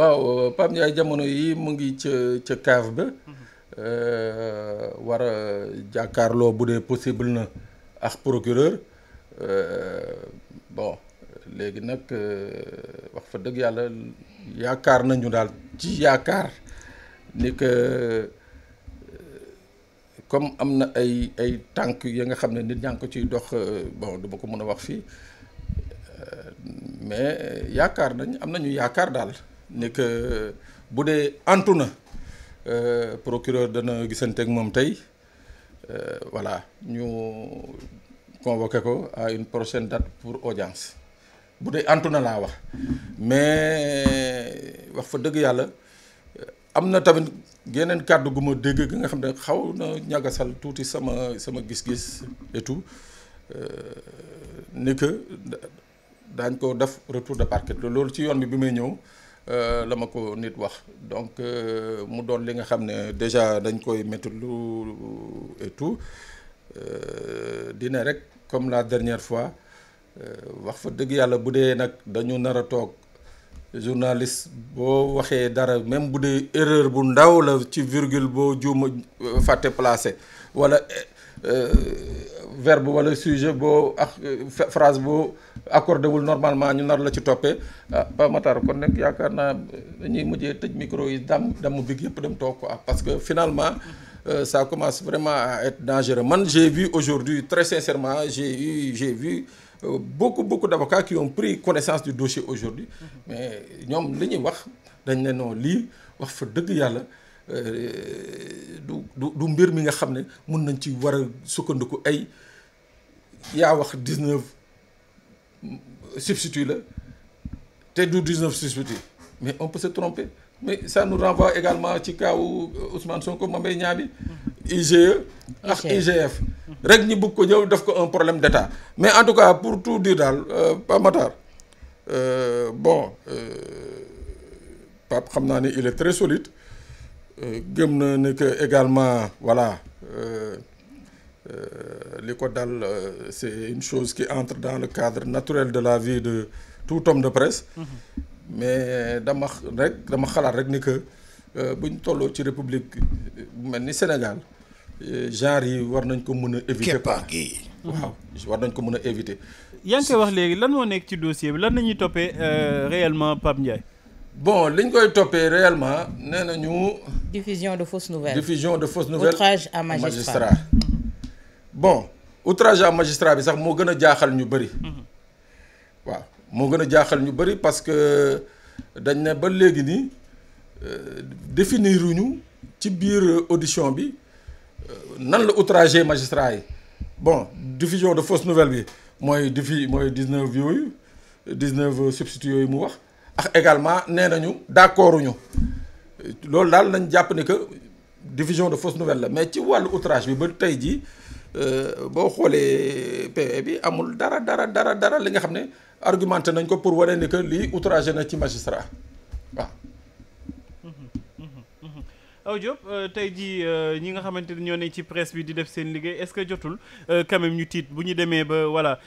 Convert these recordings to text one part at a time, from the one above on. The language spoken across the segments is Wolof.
waaw Pape Ndiaye jamono yi mu ngi ca ca cave ba mhm. euh, war a jàkkaarloo bu dee possible na ak procureur euh, bon léegi nag euh, wax fa dëgg yàlla yaakaar nañu daal ci yaakaar ni que comme am na ay ay tànk yi nga xam ne nit ñaa ko ciy dox bon duma ko mën a wax fii mais yaakaar nañ am nañu yaakaar daal ni que bu dee antu na euh, procureur dana gisante ak moom tey euh, voilà ñu convoqué ko à une prochaine date pour audience bu dee antu na laa wax mais wax fa dëgg yàlla euh, am na tamit geneen kàddu gu ma dégg gi nga xam ne xaw na ñagasal tuuti sama sama gis-gis et tout ni que daañ ko def retour de parquet loolu ci yoon bi bi may ñëw Euh, la ma ko nit wax donc euh, mu doon li nga xam ne déjà dañ koy méttitlu lu tout euh, dina rek comme la dernière fois wax fa dëgg yàlla bu dee nag dañu nar a toog journaliste boo waxee dara même bu dee erreur bu ndaw la ci virgule boo juuma fàtte placé wala Euh, verbe wala sujet boo ak euh, phrase boo accordé wul normalement ñu nar la ci toppee ah Pa Matar kon nag yaakaar naa dañuy euh, mujjee tëj micro yi dam damm bi yëpp dem toog quoi parce que finalement sa ça commence vraiment a être dangereux man j'ai vu aujourd'hui très sincèrement j'ai eu j'ai vu euh, beaucoup beaucoup d'avocats qui ont pris connaissance du dossier aujourd'hui mm-hmm. mais ñoom li ñuy wax dañ ne non lii wax fa dëgg yàlla Euh, du du du mbir mi nga xam ne mun nañ ci war a sukkandiku ay yaa wax 19 substitut la te du 19 substitut mais on peut se tromper mais ça nous renvoie également ci kaaw Ousmane Sonko Mame Mbaye Niang bi IGE e. ak IGF rek ñi bugg ko ñëw def ko un problème d'état mais en tout cas pour tout dire daal euh, Pape Matar euh, bon Pape xam naa ne il est très solide gëm na ne que également voilà euh, euh, li ko dal euh, c' est une chose qui entre dans le cadre naturel de la vie de tout homme de presse. Mmh. mais dama rek dama xalaat rek ni que buñ tolloo ci république bu mel ni Sénégal genre yi war nañ ko mën a éviter quoi waaw mm-hmm. war nañ ko mën a éviter. yaa ngi koy wax léegi lan moo nekk ci dossier bi lan la ñuy toppee réellement Pape Ndiaye. bon li liñ koy toppee réellement nee nañu. diffusion de fausses nouvelles diffusion de fausses nouvelles. outrage à magistrat magistrat. Mm-hmm. bon outrage à magistra bi sax moo gën a jaaxal ñu bari mm-hmm. waaw moo gën a jaaxal ñu bëri parce que dañ ne ba léegi nii euh, définiruñu ci biir audition bi euh, nan la outrager magistra yi bon diffusion de fausse nouvelle bi mooy diffi mooy 19 yooyu 19 substituts yooyu mu wax. ak également nee nañu d'accord ñu loolu daal nañ jàpp ni que division de fausse nouvelle la mais ci wàllu outrage bi ba tey jii euh, boo xoolee PV e bi amul dara dara dara dara li nga xam ne argumenté nañ ko pour wane ni que lii outragé na ci magistrat waaw. Aw Diop euh, tey jii euh, ñi nga xamante ne ñoo ne ci presse bi di def seen liggéey est-ce que jotul euh, quand ñu tiit bu ñu demee ba voilà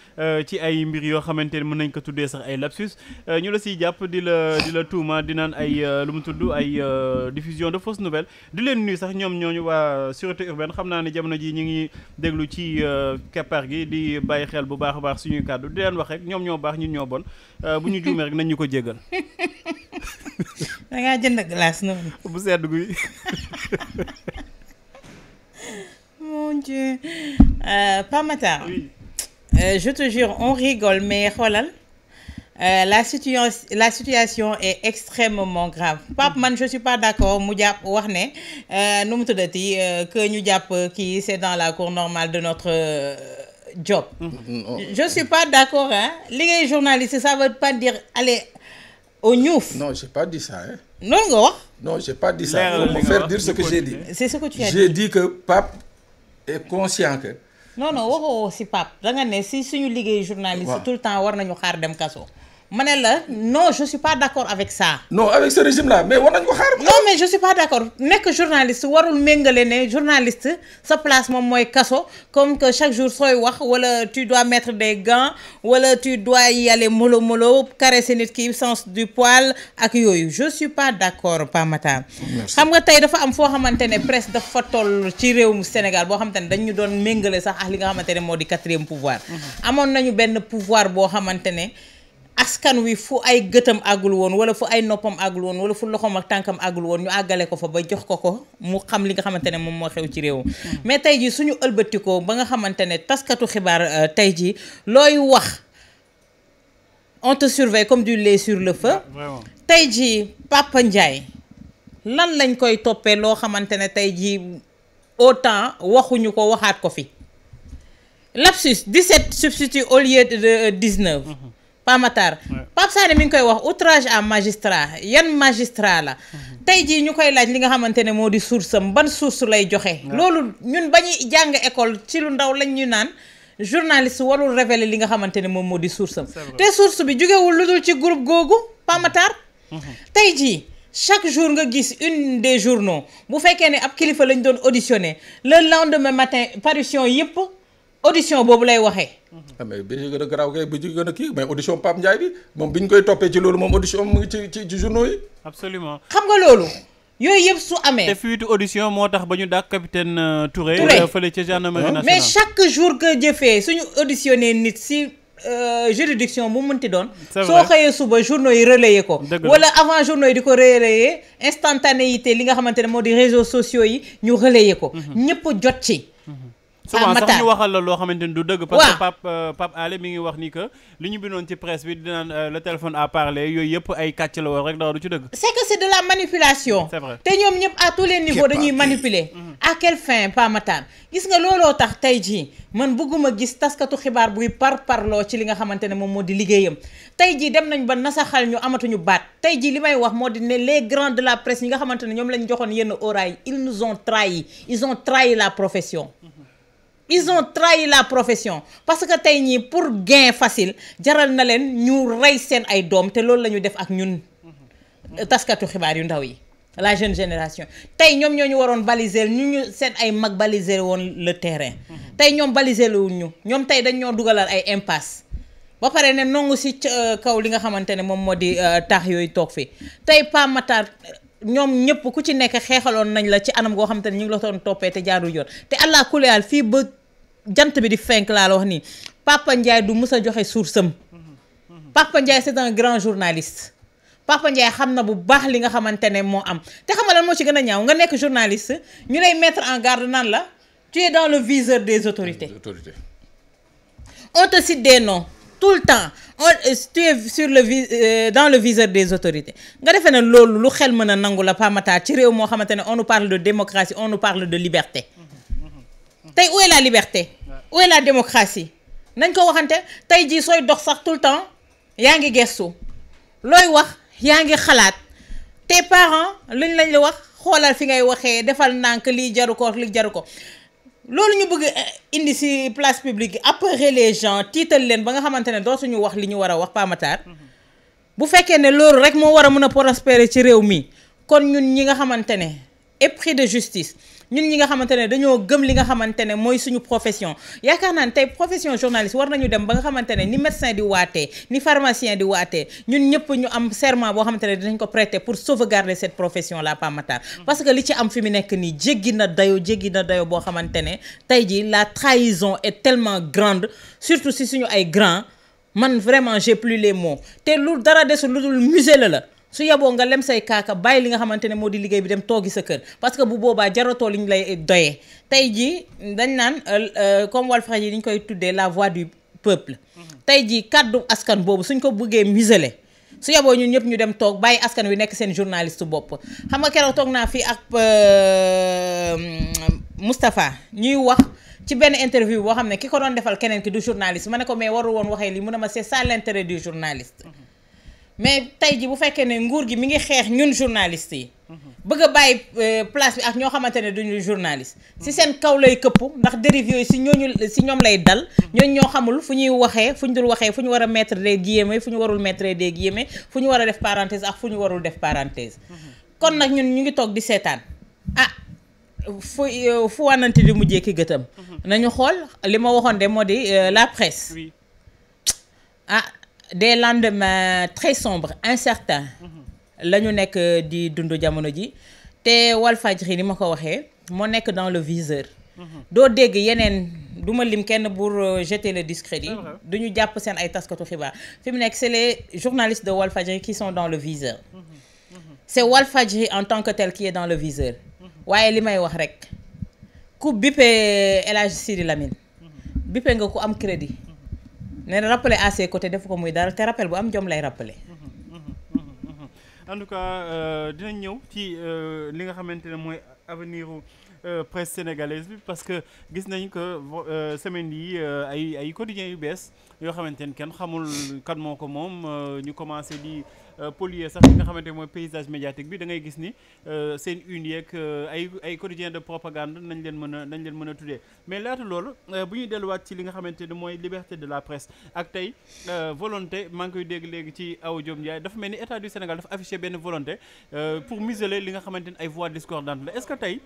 ci ay mbir yoo xamante ne mën nañ ko tuddee sax ay lapsus ñu la siy jàpp di la di la tuuma di naan ay lu mu tudd ay diffusion de fausses nouvelle di leen nuyu sax ñoom ñooñu waa sûreté urbaine xam naa ne jamono ji ñu ngi déglu ci keppar gi di bàyyi xel bu baax a baax suñuy kàddu di leen wax rek ñoom ñoo baax ñu ñoo bon Euh, bu ñu juumee rek nañ ñu ko jéggal. da ngaa jënd glace noonu. bu sedd guy. mon dieu euh, Pa euh, je te jure on rigole mais xoolal. Euh, la situation la situation est extrêmement grave Pape man je suis pas d'accord mu jàpp wax ne euh, nu mu tuddati que ñu jàpp kii c'est dans la cour normale de notre. job. Mm-hmm. je suis pas d'accord hein liggéey journaliste ça veut pas dire aller au ñuuf. non j'ai pas dit ça noonu nga wax. non j'ai pas dit ça pour me faire dire ce que j'ai dit. c'est ce que tu as dit j'ai dit que Pape est conscient que. non non waxoo si Pape da nga ne si suñu liggéey journaliste. tout le temps war nañu xaar dem kaso. ma ne la non je suis pas d'accord avec ça. non avec ce régime là mais war nañ ko xaar. non mais warul méngale ne journaliste sa place moom mooy kaso comme que chaque jour sooy wax wala tu dois mettre des gants wala tu dois y aller mollo mollo caresser nit ak yooyu je suis pas d'accord Pa xam nga tey dafa am foo xamante ne presse dafa toll ci réewum Sénégal boo xamante ne dañ ñu doon méngale sax ak li nga xamante ne moo di quatrième pouvoir. Mhm. amoon nañu benn pouvoir boo xamante ne. askan wi fu ay gëtëm àggul woon wala fu ay noppam àggul woon wala fu loxoom ak tànkam àggul woon ñu àggale ko fa ba jox ko ko mu xam li nga xamante ne moom moo xew ci réew hmm. mais tey jii suñu ëlbatikoo ba nga xamante ne taskatu xibaar euh, tey jii looy wax on te surveille comme du lait sur le feu tey jii Papa Ndiaye lan lañ koy toppee loo xamante ne tey jii autant waxuñu ko waxaat ko fi lapsus 17 substitut au lieu de euh, Pape Matar Pape Sané mi ngi koy wax outrage à magistra yan magistra la mhm. tey jii ñu koy laaj li nga xamante ne moo di source am ban source lay joxe loolu ñun ba jàng école ci lu ndaw lañ ñu naan journaliste warul révéler li nga xamante ne moom moo di source am te source bi jógewul lu dul ci groupe googu Pape Matar mhm. tey jii chaque jour nga gis une des journaux bu fekkee ne ab kilifa lañ doon auditionné le lendemain matin parution yëpp audition boobu lay waxee. Ah, mais bi ci gën a garaaw kay bi ci gën a kii mais audition Pape Ndiaye bi moom bi ñu koy toppee ci loolu moom audition mu ci journaux yi. absolument xam nga loolu. yooyu yëpp su amee. te fuite audition moo tax ba ñu dàq capitaine euh, Touré. Touré euh, fële ca gendarmerie ah. nationale mais chaque jour que jëfee suñu auditionné nit si. Euh, juridiction bu mënti doon. soo xëyee suba journaux yi relayer ko. wala avant journaux yi di ko relayer instantanéité li nga xamante ne moo di réseaux sociaux yi ñu relayer ko. Mhm. ñëpp jot ci. Mhm. souvent ah, sax ñu waxal la loo xamante ni du dëgg parce que Pape euh, Ale mi ngi wax ni que li ñu bindoon ci presse bi dinaan euh, le téléphone à parler yooyu yëpp ay kàcc la woon rek dara du ci dëgg c'est que de la manipulation te ñoom ñëpp à tous les niveaux dañuy manipuler mm-hmm. à quelle fin Pa Matar gis nga looloo tax tey jii man bëgguma gis taskatu xibaar buy par parloo ci li nga xamante ne moom moo di liggéeyam tey jii dem nañ ba nasaxal ñu amatuñu baat tey ji li may wax moo di les grands de la presse ñi xamante ne ñoom lañ joxoon yenn oreilles ils nous ont trahi ils ont trahi la profession mm-hmm. ils ont trahi la profession parce que tey ñii pour gain facile jaral na leen ñu rey seen ay doom te loolu la ñu def ak ñun taskatu xibaar yu ndaw yi la jeune génération tey ñoom ñoo ñu waroon baliser ñu ñu seen ay mag baliser woon le terrain tey ñoom baliser wuñ ñu ñoom tey dañoo dugalal ay impasse ba pare ne nongu si euh, kaw li nga xamante ne moom moo di euh, taax yooyu toog fi tey Pa ñoom ñëpp ku ci nekk xeexaloon nañ la ci anam goo xam te ñu ngi la doon toppee te jaarul yoon te allah kulli aal fii ba jant bi di fenk laa la wax nii Papa Ndiaye du mës a joxe source am Papa Ndiaye c'est un grand journaliste Papa Ndiaye xam na bu baax li nga xamante ne moo am te xam nga lan moo ci gën a ñaaw nga nekk journaliste ñu lay mettre en garde naan la tu es dans le viseur des autorités. on te cite des noms. tout le temps on euh, tu es sur le vis euh, dans le viseur des autorités nga defee na loolu lu xel mën a nangu la pamataar ci réew moo xamante ne on nous parle de démocratie on nous parle de liberté tey où la liberté où est la démocratie nañ ko waxante tey jii sooy dox sax tout le temps yaa ngi gestu looy wax yaa ngi xalaat tes parents luñ lañ la wax xoolal fi ngay waxee defal ndànk lii jaru ko lii jaru ko loolu ñu bëgg eh, indi si place publique yi appeler les gens tiital leen ba nga xamante ne dootuñu wax li ñu war a wax Pape Matar mm-hmm. bu fekkee ne loolu rek moo war a mën a prospérer ci réew mi kon ñun ñi nga xamante ne épris de justice ñun ñi nga xamante ne dañoo gëm li nga xamante ne mooy suñu profession yaakaar naa ne tey profession journaliste war nañu dem ba nga xamante ne ni médecin di waatee ni pharmacien di waatee ñun ñëpp ñu am serment boo xamante ne dinañ ko prêter pour sauvegarder cette profession la Pape Matar mm-hmm. parce que li ci am fi mu nekk nii jéggi na dayo jéggi na dayo boo xamante ne tey ji la trahison est tellement grande surtout si suñu ay grand man vraiment j'ai plus les mots te lu dara desul lu dul musée la la su yeboo nga lem say kaaka bàyyi li nga xamante ne moo di liggéey bi dem toogi sa kër parce que bu boobaa jaratoo ñu lay doyee tey jii dañ naan euh, euh, comme Walfadjri yi ni ñu koy tuddee la voix du peuple mm-hmm. tey jii kàddu askan boobu suñ ko bëggee museler su yaboo ñu ñëpp ñu dem toog bàyyi askan wi nekk seen journaliste bopp xam nga keroog toog naa fii ak euh, Moustapha ñuy wax ci benn interview boo xam ne ki ko doon defal keneen ki du journaliste ma ne ko mais waru woon waxee lii mu mais tey ji bu fekkee ne nguur gi mi ngi xeex ñun journaliste yi. bëgg bàyyi euh, place bi ak ñoo xamante ne duñu journaliste. si seen kaw lay këpp ndax dérive yooyu si ñooñu si ñoom lay dal. ñooñu ñoo xamul fu ñuy waxee fu ñu dul waxee fu ñu war a mettre des guillemets fu ñu warul mettre des guillemets fu ñu war a def parenthèse ak fu ñu warul def parenthèse. kon nag ñun ñu ngi toog di seetaan ah fu euh, fu wanante di mujjee ki gëtam. Mhm. nañu xool li ma waxoon de moo di euh, la presse. ah des lendemains très sombres incertains mm-hmm. la ñu nekk euh, di dund jamono ji te Walfadjri ni ma ko waxee moo nekk dans le viseur mm-hmm. doo dégg yeneen du ma lim kenn pour euh, jeter le discrédit du ñu jàpp seen ay taskatu xibaar fi mu nekk c'est les journalistes de Walfadjri qui sont dans le viseur mm-hmm. c'est Walfadjri en tant que tel qui est dans le viseur waaye li may wax rek ku bippee El Hadj bippee nga ku am crédit nee na rappelé à ses côtés def ko muy dara te rappel bu am jom lay rappelé. Mhm, mhm, mhm, en tout cas euh, dinañ ñëw ci euh, li nga xamante ne mooy avenir euh, presse sénégalaise bi parce que gis nañ que semaine yi ay ay quotidiens yu bees yoo xamante ne kenn xamul kan moo ko moom ñu commencé di. Euh, polluer sax nga xamante mooy paysage médiatique bi da ngay gis ni euh, seen une yeeg euh, ay ay quotidien de propagande nañ leen mën a nañ leen mën a tuddee mais laata loolu bu ñuy delluwaat ci li nga xamante ne mooy liberté de la presse ak tey volonté maa ngi koy dégg léegi ci Awa Diop Ndiaye dafa mel ni état du Sénégal dafa affiché benn volonté pour museler li nga xamante ni ay voix discordantes la est-ce que tey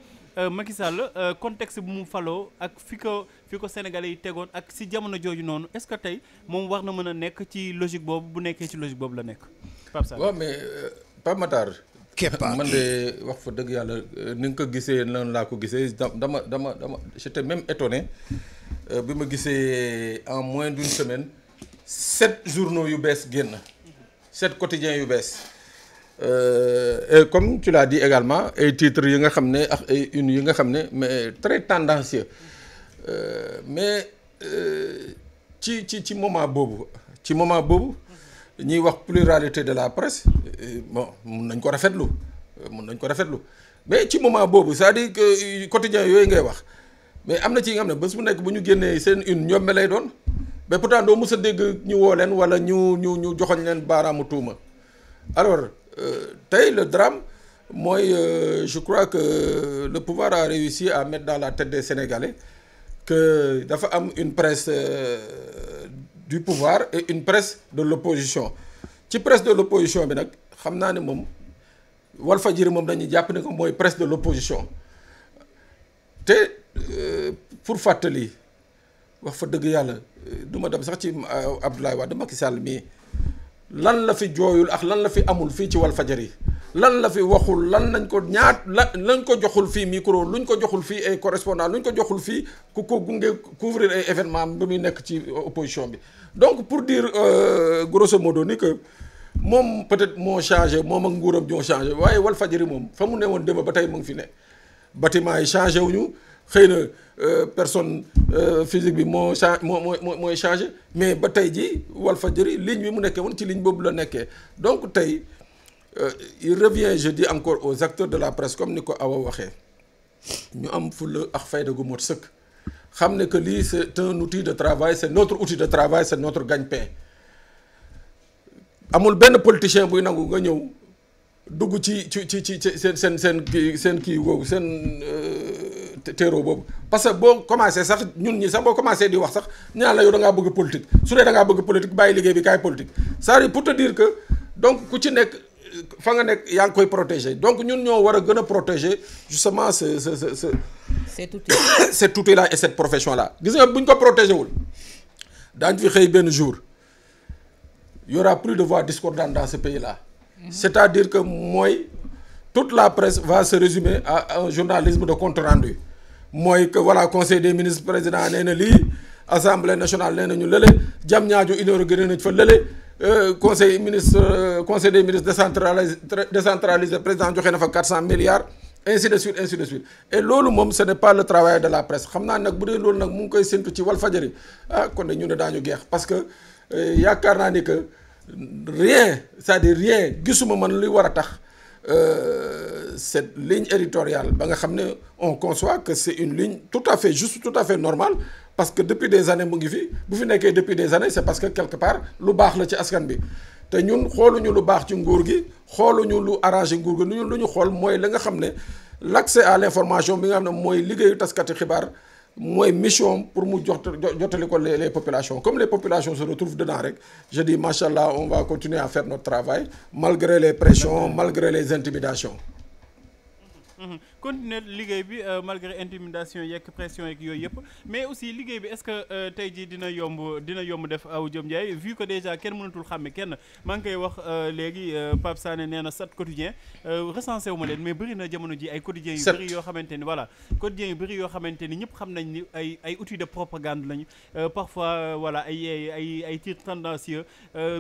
Macky Sall contexte bu mu faloo ak fi ko fi ko Sénégalais yi tegoon ak si jamono jooju noonu est-ce que tey moom war na mën a nekk ci logique boobu bu nekkee ci boobu la nekk Pape Sarr waaw mais euh, pam Matar. Kepa man de wax fa dëgg yàlla euh, ni nga ko gisee noonu laa ko gisee dama dama dama j'étais même étonné euh, bi ma gisee en moins d'une semaine sept journaux yu bees génn sept quotidiens yu bees. Euh, et comme tu l'as dit également ay titres yi nga xam ne ak ay une yi nga xam ne mais très tendancieux euh, mais ci ci ci moment boobu ci moment boobu ñuy wax pluralité de la presse euh, bon mun nañ ko rafetlu euh, mun nañ ko rafetlu mais ci moment boobu c'est-à-dire que euh, yooyu ngay wax mais am na ci nga xam ne bés bu nekk bu ñu génnee seen une ñomme lay doon mais pourtant doo mës a dégg ñu woo leen wala ñu ñu ñu joxoñ leen baaraamu tuuma alors tey le drame mooy je crois que le pouvoir a réussi à mettre dans la tête des Sénégalais que dafa am une presse du pouvoir et une presse de l'opposition ci presse de l'opposition bi nag xam naa ne moom Walfadjri moom dañuy jàpp ne ko mooy presse de l'opposition te euh, pour fàttali wax fa dëgg yàlla euh, du ma dem sax ci euh, Abdoulaye Wade Macky Sall mii lan la fi jooyul ak lan la fi amul fii ci Walfadjri lan la fi waxul lan lañ ko ñaat la lañ ko joxul fii micro luñ ko joxul fii ay correspondant luñ ko joxul fii ku ko gunge couvrir ay événement bi muy nekk ci opposition bi donc pour dire euh, grosso modo ni que moom peut-être moo changé moom ak nguuram ñoo changé waaye Walfadjri moom fa mu ne woon démb ba tey mu ngi fi ne bâtiment yi wu ñu xëy na euh, personne euh, physique bi moo cha moo mooy changé mais ba tey ji Walfadjri ligne bi mu nekkee woon ci ligne boobu la nekkee donc tey euh, il revient je dis encore au acteurs de la presse comme ni ko Awa waxee ñu am fulla ak fayda gu mot sëkk xam ne que lii c'est un outil de travail c'est notre outil de travail c'est notre gagne-pain amul benn politicien buy nangu nga ñëw dugg ci ci ci ci seen seen seen kii seen kii woowu seen euh, terreau boobu parce que boo commencé sax ñun ñi sax boo commencé di wax sax ñaan la yow da ngaa bëgg politique su dee da bëgg politique bàyyi liggéey bi kaay politique cest à pour te dire que donc ku ci nekk fa nga nekk yaa ngi koy protéger donc ñun ñoo war a gën a protéger justement ce ce cet outil cet outil là et cette profession là gis nga bu ñu ko protégé wul daañu fi xëy benn jour y aura plus de voix discordantes dans ce pays là. Mhm. c'est-à-dire que mooy toute la presse va se résumer à un journalisme de compte rendu mooy que voilà conseil des ministres président nee na lii assemblée nationale nee na ñu lële jam ñaajo inóora gën nañ fa lële. Euh, conseil ministre euh, conseil des ministres décentralisé décentralisé président joxe na fa 400 milliards ainsi de suite ainsi de suite et loolu moom ce n'est pas le travail de la presse xam naa nag bu dee loolu nag mu ngi koy séntu ci Walfadjri ah kon de ñu ne daañu geex parce que euh, yaakaar naa ni que rien c'est-à-dire rien gisuma man luy war a tax euh, cette ligne éditoriale ba nga xam ne on conçoit que c'est une ligne tout à fait juste tout à fait normale parce que depuis des années mu ngi fi bu fi nekkee depuis des années c'est parce que quelque part lu baax la ci askan bi te ñun xooluñu lu baax ci nguur gi xoolu ñu lu arrangé nguur gi lu ñu xool mooy la nga xam ne l' accès à l' information bi nga xam ne mooy liggéeyu taskati xibaar mooy mission pour mu jot jotali ko les populations comme les populations se retrouvent dedans rek je dis macha allah on va continuer à faire notre travail malgré les pressions malgré les intimidations. Mmh, mmh. continuer liggéey bi euh, malgré intimidation yeeg pression yeeg yooyu yëpp mais aussi liggéey bi est-ce que euh, tey ji dina yomb dina yomb def aw jëm Ndiaye vu que déjà kenn mënatul xàmme kenn maa ngi koy wax euh, léegi Pape Sané nee na sat quotidien recensé wu leen mais bëri na jamono ji ay quotidiens yu bëri yoo xamante ni voilà quotidiens yu bëri yoo xamante ni ñëpp xam nañ ni ay ay outils de propagande lañu parfois voilà ay ay ay titres tendancieux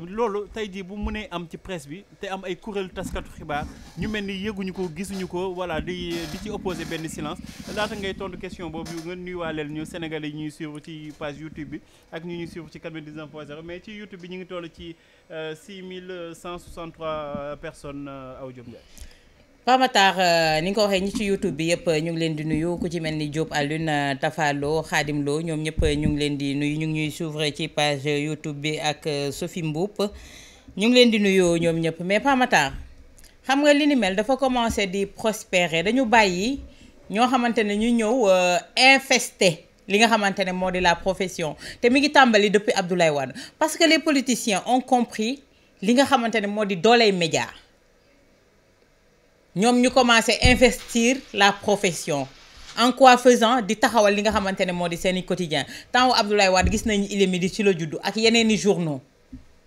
loolu tey jii bu mënee am ci presse bi te am ay kuréel taskatu xibaar ñu mel ni yëguñu ko gisuñu ko voilà di di ci opposé benn silence laata ngay tontu question boobu nga nuyuwaaleel ñu Sénégalais yi ñuy suivre ci page bi ak ñu ñuy suivre ci 99 point 0 mais ci YouTube bi ñu ngi toll ci 6163 euh, euh, personnes euh, ni nga ko waxee ñi ci YouTube bi yëpp ñu ngi leen di nuyu ku ci mel ni Diop Alune Tafalo Khadim Lo ñoom ñëpp ñu ngi leen di nuyu ñu ngi ñuy suivre ci page YouTube bi ak Sophie Mboup ñu ngi leen di nuyoo ñoom ñëpp mais Pamatar. xam nga li ni dafa commencé di prospérer dañu bàyyi ñoo xamante ne ñu ñëw euh, infesté li nga xamante ne moo di la profession te mi ngi tàmbali depuis Abdoulaye Wade parce que les politiciens ont compris li nga xamante ne moo di dooley média ñoom ñu commencé investir la profession en quoi faisant di taxawal li nga xamante ne moo di seeni quotidien temps wu Abdoulaye Wade gis nañu il est midi ci la juddu ak yeneen yeneeni journaux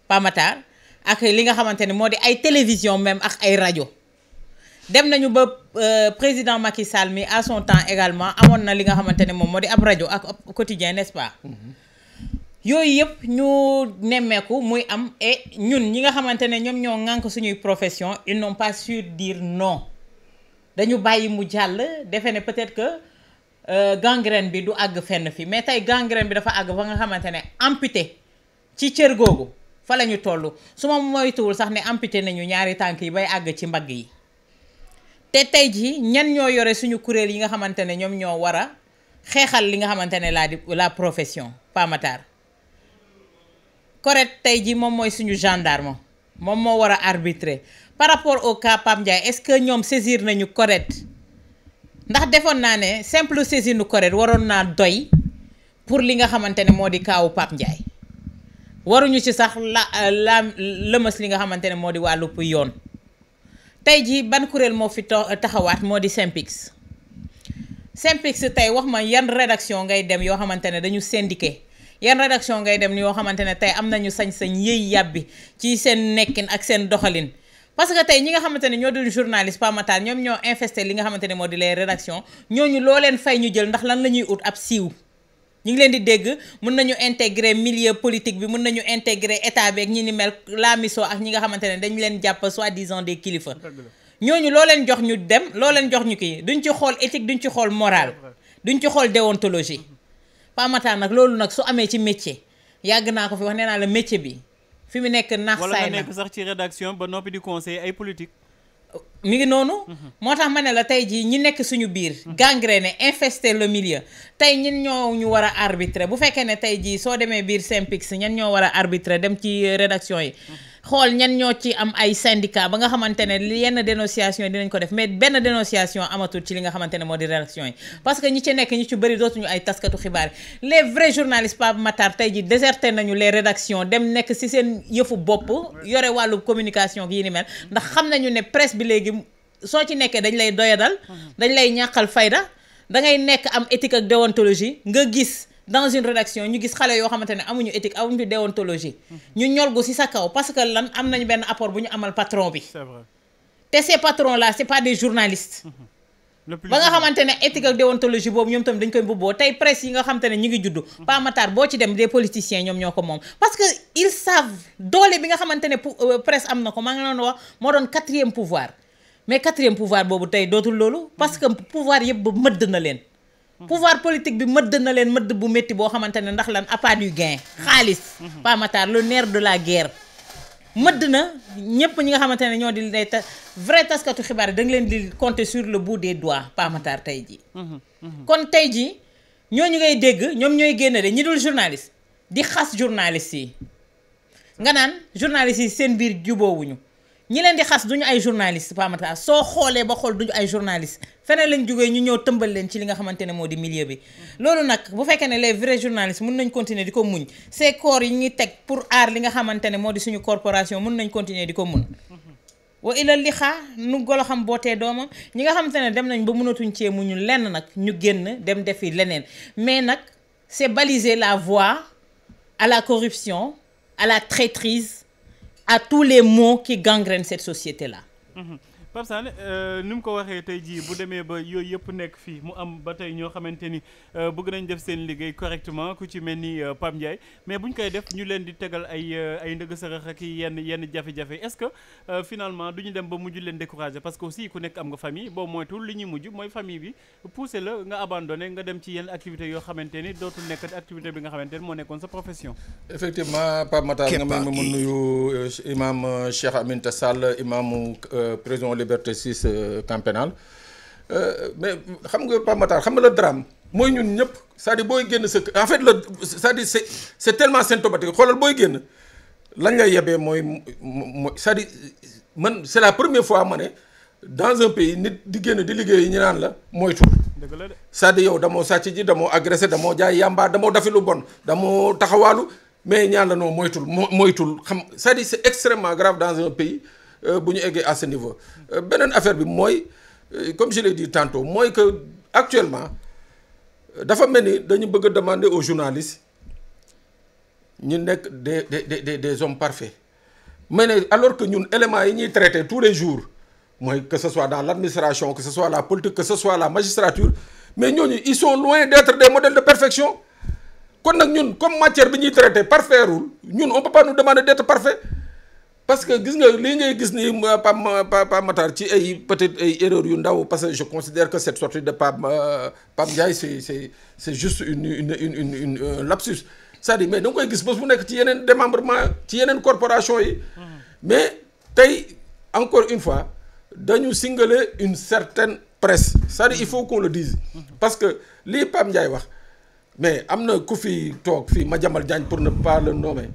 Pamatar ak li nga xamante ne moo di ay télévision même ak ay rajo dem nañu ba euh, président Macky Sall mi à son temps également amoon na li nga xamante ne moom moo di ab rajo ak ab quotidien n'est-ce pas mm-hmm. yooyu yëpp ñu nemmeeku muy am et ñun ñi nga xamante ne ñoom ñoo ŋànk suñuy profession ils n'ont pas su dire non dañu bàyyi mu jàll defe ne peut-être que euh, gangrène bi du àgg fenn fi mais tey gangrène bi dafa àgg ba nga xamante ne amputé ci cër googu fa la ñu toll su ma moytuwul sax ni amputé nañu ñaari tànk yi bay àgg ci mbagg yi te tey jii ñan ñoo yore suñu kuréel yi nga xamante ne ñoom ñoo war a xeexal li nga xamante ne la di la profession pamatar correct tey jii moom mooy suñu gendarme moom moo war a arbitrer par rapport au cas Pape Ndiaye est-ce que ñoom saisir nañu correct ndax defoon naa ne simple saisir nu correct waroon naa doy pour li nga xamante ne moo di kaawu Pape Ndiaye waruñu ci sax la la lëmas li nga xamante ne moo di wàllu yoon tey jii ban kuréel moo fi taxawaat moo di Synpics Synpics tey wax ma yan rédaction ngay dem yoo xamante ne dañu syndiqué yan rédaction ngay dem yoo xamante ne tey am nañu sañ-sañ yëy yàbbi ci seen nekkin ak seen doxalin parce que tey ñi nga xamante ne ñoo dul journaliste Pa Matar ñoom ñoo infesté li nga xamante ne moo di les rédaction ñooñu loo leen fay ñu jël ndax lan la ñuy ut ab siiw ñu ngi leen di dégg mën nañu intégrer milieu politique bi mun nañu intégrer état bi ak ñi ni mel laamiso ak ñi nga xamante ne dañu leen jàpp soi-disant des kilifa ñooñu loo leen jox ñu dem loo leen jox ñu kii duñ ci xool éthique duñ ci xool morale duñ ci xool déontologie pamata nag loolu nag su amee ci métier yàgg naa ko fi wax nee naa la métier bi fi mu nekk naax saay na wala sax ci rédaction ba noppi di conseil ay politique mi ngi noonu. moo tax ma ne la tey jii ñi nekk suñu biir. ne infesté le milieu. tey ñin ñoo ñu war a arbitrer bu fekkee ne tey jii soo demee biir Synpics ñan ñoo war a arbitrer dem ci euh, rédaction yi. xool ñan ñoo ci am ay syndicat ba nga xamante ne yenn dénonciation dinañ ko def mais benn dénonciation amatul ci li nga xamante ne moo di rédaction yi parce que ñi ci nekk ñi ci bëri dootuñu ay taskatu xibaar les vrais journalistes Pape Matar tey ji déserté nañu les rédactions dem nekk si seen yëfu bopp yore wàllu communication yi ni mel ndax xam nañu ne presse bi léegi soo ci nekkee dañ lay doyadal mhm. dañ lay ñàqal fayda da ngay nekk am éthique ak déontologie nga gis dans une rédaction ñu gis xale yoo xamante ne amuñu éthique amuñu déontologie sa kaw parce que lan am nañu benn apport bu ñu amal patron bi te ces patrons là c'est pas des journalistes mhm. xamante ne éthique boobu ñoom tamit dañ koy mbubboo tey presse yi nga xamante ne ñu ngi juddu mhm. Pa Matar boo ci dem des politiciens ñoom ñoo ko moom parce que xamante ne euh, presse am na ko maa ngi leen wax moo doon quatrième pouvoir mais quatrième pouvoir boobu tey dootul loolu parce que pouvoir yëpp ba mëdd na leen Mmh. pouvoir politique bi mëdd na leen mëdd bu métti boo xamante ne ndax lan appât du gain xaalis mmh. Pape Matar le nerf de la guerre mëdd na ñëpp ñi nga xamante ne ñoo di day ta vrai taskatu xibaar yi da nga leen di compter sur le bout des doigts Pape Matar tey jii mmh, kon tey jii ñu ngay dégg ñoom ñooy génn de ñu dul journaliste di xas journaliste yi nga naan journaliste yi seen biir juboowuñu ñi leen di xas duñu ay journaliste pamata soo xoolee ba xool duñu ay journaliste feneen lañ jógee ñu ñëw tëmbal leen ci li nga xamante ne moo di milieu bi loolu nag bu fekkee ne les vrais journalistes mun nañ continuer di ko muñ ces corps yi ñuy teg pour aar li nga xamante ne moo di suñu corporation mun nañ continuer di ko mun wa ilal li nu golo xam boo tee doomam ñi nga xamante ne dem nañ ba mënatuñ cee mu ñu lenn nag ñu génn dem defi leneen mais nag c'est baliser la voie à la corruption à la traîtrise à tous les maux qui gangrènent cette société la mm-hmm. parce Sané euh, ni mu ko waxee tey jii bu demee ba yooyu yëpp nekk fii mu am ba tey ñoo xamante ni euh, bëgg nañ def seen liggéey correctement ku ci mel ni euh, Pape Ndiaye mais buñ koy def ñu leen di tegal ay ay ndëgg sërëx ak yenn yenn jafe-jafe est-ce que finalement du ñu dem ba mujj leen décourager parce que aussi ku nekk am nga famille boo moytul li ñuy mujj mooy famille bi poussé la nga abandonné nga dem ci yenn activité yoo xamante ni dootul nekk activité bi nga xamante ni moo nekkoon sa profession. effectivement Pape Matar nga may ma nuyu imam Cheikh Aminta Liberté 6 euh, camp pénal euh, mais xam nga Pape Matar xam nga le drame mooy ñun ñëpp c'est-à-dire booy génn sa en fait le c'est-à-dire c'est c'est tellement xoolal booy génn lañ lay yebee mooy mooy c'est-à-dire man c'est la première fois ma ne dans un pays nit di génn di liggéey ñu naan la moytu. dëgg la de c'est-à-dire yow damoo sàcc ji damoo agressé damoo jaay yàmbaa damoo dafi lu bon damoo taxawaalu mais ñaan la noo moytul moytul xam cest à c'est extrêmement grave dans Euh, bu ñu eggee à ce niveau euh, beneen affaire bi mooy euh, comme je l'ai dit tantôt mooy que actuellement dafa mel ni dañu bëgg demande au aux journalistes ñu nekk des de des des hommes parfaits mais ne alors que ñun éléments yi ñuy traiter tous les jours mooy que ce soit dans l'administration que ce soit la politique que ce soit la magistrature mais ñooñu ils sont loin d'être des modèles de perfection kon nag ñun comme matière bi ñuy traiter parfairul ñun on peut pas nous demander d'être parce que gis nga lii ngay gis ni Pape Pape Matar ci ay peut-être ay erreurs yu ndaw parce que je considère que cette sortie de Pape euh, Pape Ndiaye c'est c'est c'est juste une une une une, une lapsus cest à mais danga koy gis bés bu nekk ci yeneen démembrement ci yeneen corporation yi mm-hmm. mais tey encore une fois dañu singaler une certaine presse c'est-à-dire il faut qu'on le dise mm-hmm. parce que lii Pape Ndiaye wax mais am na ku fi toog fii jamal Diagne pour ne pas le nommer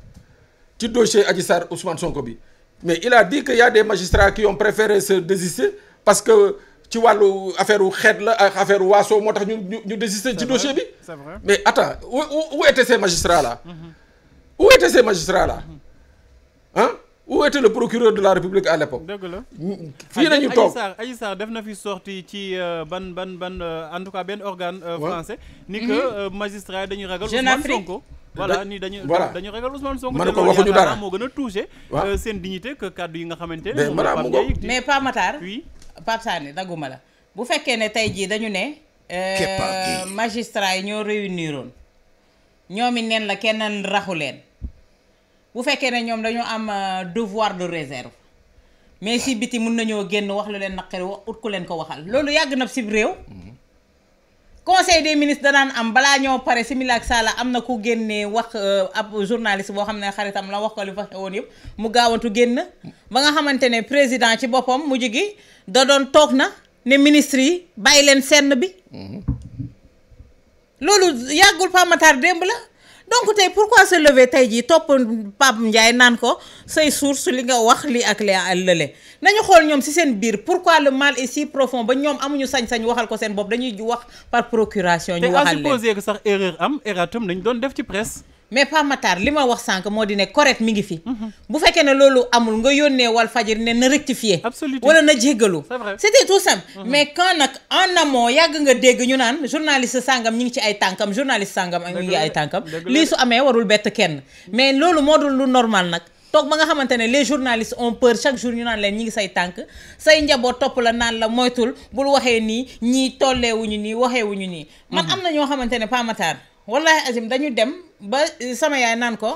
ci dossier Adji Sarr Sonko bi mais il a dit que y a des magistrats qui préféré se désister parce que ci wàllu affaire wu xeet la ak affaire waaso moo tax ñu ñu ñu désister ci dossier bi mais attends où, où, où étaient ces magistrats là mm -hmm. où étaient ces magistrats là mm-hmm. le procureur de la République à l'époque dëgg la fii nañu toog Adji def na fi sorti ci euh, ban ban ban euh, en tout cas benn organe euh, français ni mm-hmm. que magistrat yi dañuy ragal Ousmane Sonko voilà nii dañu dañu ragal Ousmane Sonko ma ne ko waxuñu dara moo gën a touché euh, seen dignité que kaddu yi nga xamante ne mais Pape Matar oui Pape Sané dagguma la bu fekkee ne tey jii dañu ne euh, magistra yi ñoo réunir woon ñoom it neen la kenn raxu leen bu fekkee ne ñoom dañoo am euh, devoir de réserve mais si biti mun nañoo génn wax lu leen naqari wax ut ku leen ko waxal loolu yàgg na si réew mm-hmm. conseil des ministres danaan am balaa ñoo pare simila ak sala am na ku génnee wax euh, ab journaliste boo xam ne xaritam la wax ko li waxe woon yëpp mu gaawantu génn ba nga xamante ne président ci boppam mu gi da doon toog na ne ministre yi bàyyi leen senn bi mhm. loolu yàggul pamatar démb la donc tey pourquoi se lever tey jii topp Pape Ndiaye naan ko say source li nga wax lii ak lee ak lële nañu xool ñoom si seen biir pourquoi le mal est si profond ba ñoom amuñu sañ-sañ waxal ko seen bopp dañuy wax par procuration. ñu waxal leen te à supposer que sax erreur am erratum nañ doon def ci presse. mais Pape Matar li ma wax sànq moo di ne correct mi ngi fi. bu fekkee ne loolu amul nga yónnee wal fajir ne na rectifier. absolument wala na jéggalu. c'est vrai c'était tout simple. Mhm. mais quand nag en amont yàgg nga dégg ñu naan journaliste sàngam ñi ngi ci ay tànkam journaliste sàngam ñu ngi ay tànkam. lii su amee warul bett kenn. mais loolu moo dul lu normal nag. toog ba nga xamante ne les journalistes ont peur chaque jour ñu naan leen ñi ngi say tànk say njaboot topp la naan la moytul bul waxee nii ñii tolleewuñu nii waxeewuñu nii. man mhm. am na ñoo xamante ne Pape wallahi azim dañu dem ba sama yaay naan ko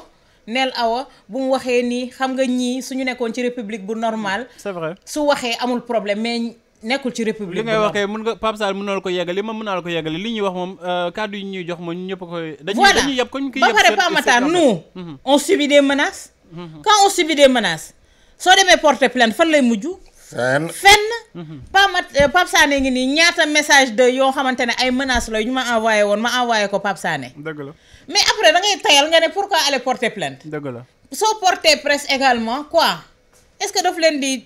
neel awa bu mu waxee nii xam nga ñii su ñu nekkoon ci république bu normal c'est vrai su waxee amul problème mais nekkul ci république li ngay waxee mun nga Pape Sall mën na la ko yeggali ma mën naa la ko yeggali li ñuy wax moom euh, kàddu yi ñuy jox moom ñu ñëpp ko dañuy dañuy yëpp ko ñu koy ba pare Pape Matar nous mhm. on subit des menaces mhm. quand soo demee porter plainte fan lay mujj fenn fenn. Mhm. Pape Mat eh, Pape Sané ngi nii ñaata message de yoo xamante ne ay menaces la yu ma envoyé woon ma envoyé ko Pape Sané. dëgg la mais après da ngay tayal nga ne pourquoi aller porter plainte. dëgg la soo porter presse également quoi est-ce que daf leen di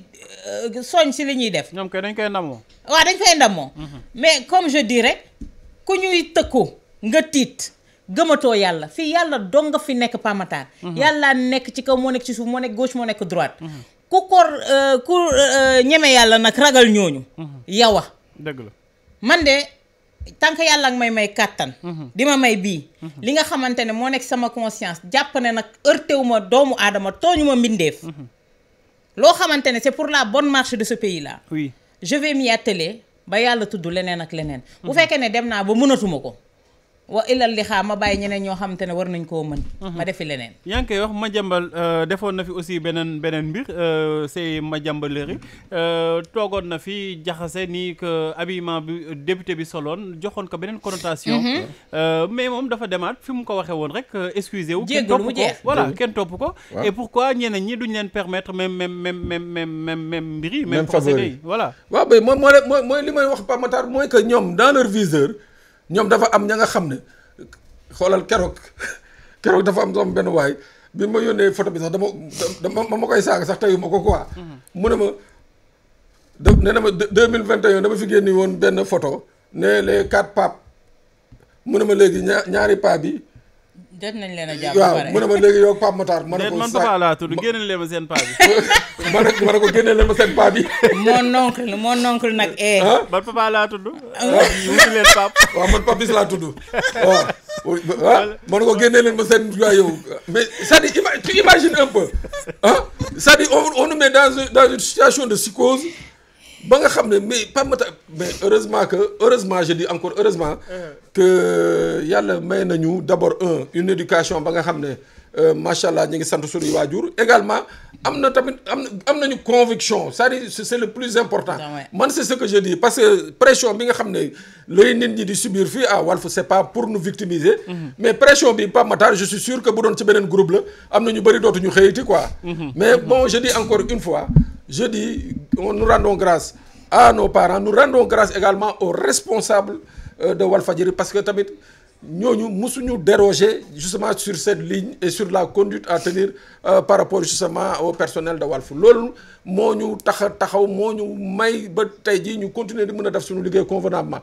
euh, soñ si li ñuy def. ñoom kay dañ koy ndamoo. waaw dañ koy ndamoo. Mhm. mais comme je dis rek ku ñuy tëkku nga tiit. gëmatoo yàlla fii yàlla dong nga fi nekk pamataar mhm. yàlla nekk ci kaw moo nekk ci suuf moo nekk gauche moo nekk droite ku kor euh, ku euh, ñeme yàlla nag ragal ñooñu mhm. yow a dëgg la man de tànk yàlla may may kàttan mhm. di ma may bii mhm. li nga xamante ne moo nekk sama conscience jàpp ne nag heurtewu ma doomu aadama tooñu ma mbindeef loo xamante ne c'est pour la bonne marché de ce pays là oui je vais ba yàlla tudd leneen ak leneen bu fekkee ne dem naa ba munatuma ko wa ilal li xaam ma bàyyi ñeneen ñoo xamante ne war nañ koo mën. Mhm. ma defi leneen. yaa ngi koy wax Madiambal euh, defoon na fi aussi beneen beneen mbir euh, c'est Madiambal Léry euh, toogoon na fi jaxase ni que habillement bi député bi soloon joxoon ko beneen connotation. Mhm. mais moom dafa demaat fi mu ko waxee woon rek excusez wu. jéggul mu jeex voilà kenn topp ko. et pourquoi ñeneen ñi duñ leen permettre même même même même même même mbir yi. même procédé yi voilà. waaw mais mooy mooy mooy li may wax Pape Matar mooy que ñoom dans leur viseur. ñoom dafa am ña nga xam ne xoolal keroog keroog dafa am doom benn waay bi ma yónnee photo bi sax dama dama ma koy saaga sax teyu ma ko quoi. Mm-hmm. mu ne ma de nee na ma deux mille vingt et dama fi génni woon benn photo ne les quatre papes mu ne ma léegi ñaari paa bi. jot nañ leen a jàpp pare waaw mu ne ma léegi yow Pape Matar. ma ne ko man Papa laa tudd génne leen ma seen ma ne ko génne leen ma seen paa bi. mon oncle mon oncle nag. Eh. ah man Papa laa ah? laa tudd ah? ma ne ko génne leen ma seen mais cest tu imagines un peu ah cest dans dans situation de psychose. ba nga xam ne mais Pape Makhtar mais heureusement que heureusement je dis encore heureusement. Eh. que yàlla may nañu d' abord un une éducation ba nga xam ne euh, macha allah ñu ngi sant suñuy waajur. également am na tamit am na am nañu conviction c'est-à-dire le plus important. man c' est ce que je dis parce que pression bi nga xam ne lay nit ñi di subir fii à ah, Walf c' pas pour nous victimiser. Mhm. mais pression bi Pape Makhtar je suis sûr que bu doon ci beneen groupe la am na ñu bëri dootuñu xëyiti quoi. Mhm. mais bon je dis encore fois. je dis nous rendons grâce à nos parents nous rendons grâce également aux responsables euh, de Walfadjri parce que tamit ñoo ñooñu musuñu déroger justement sur cette ligne et sur la conduite à tenir euh, par rapport justement au personnel de Walf loolu moo ñu tax a taxaw moo ñu may ba tey jii ñu continuer di mun a def suñu liggéey convenablement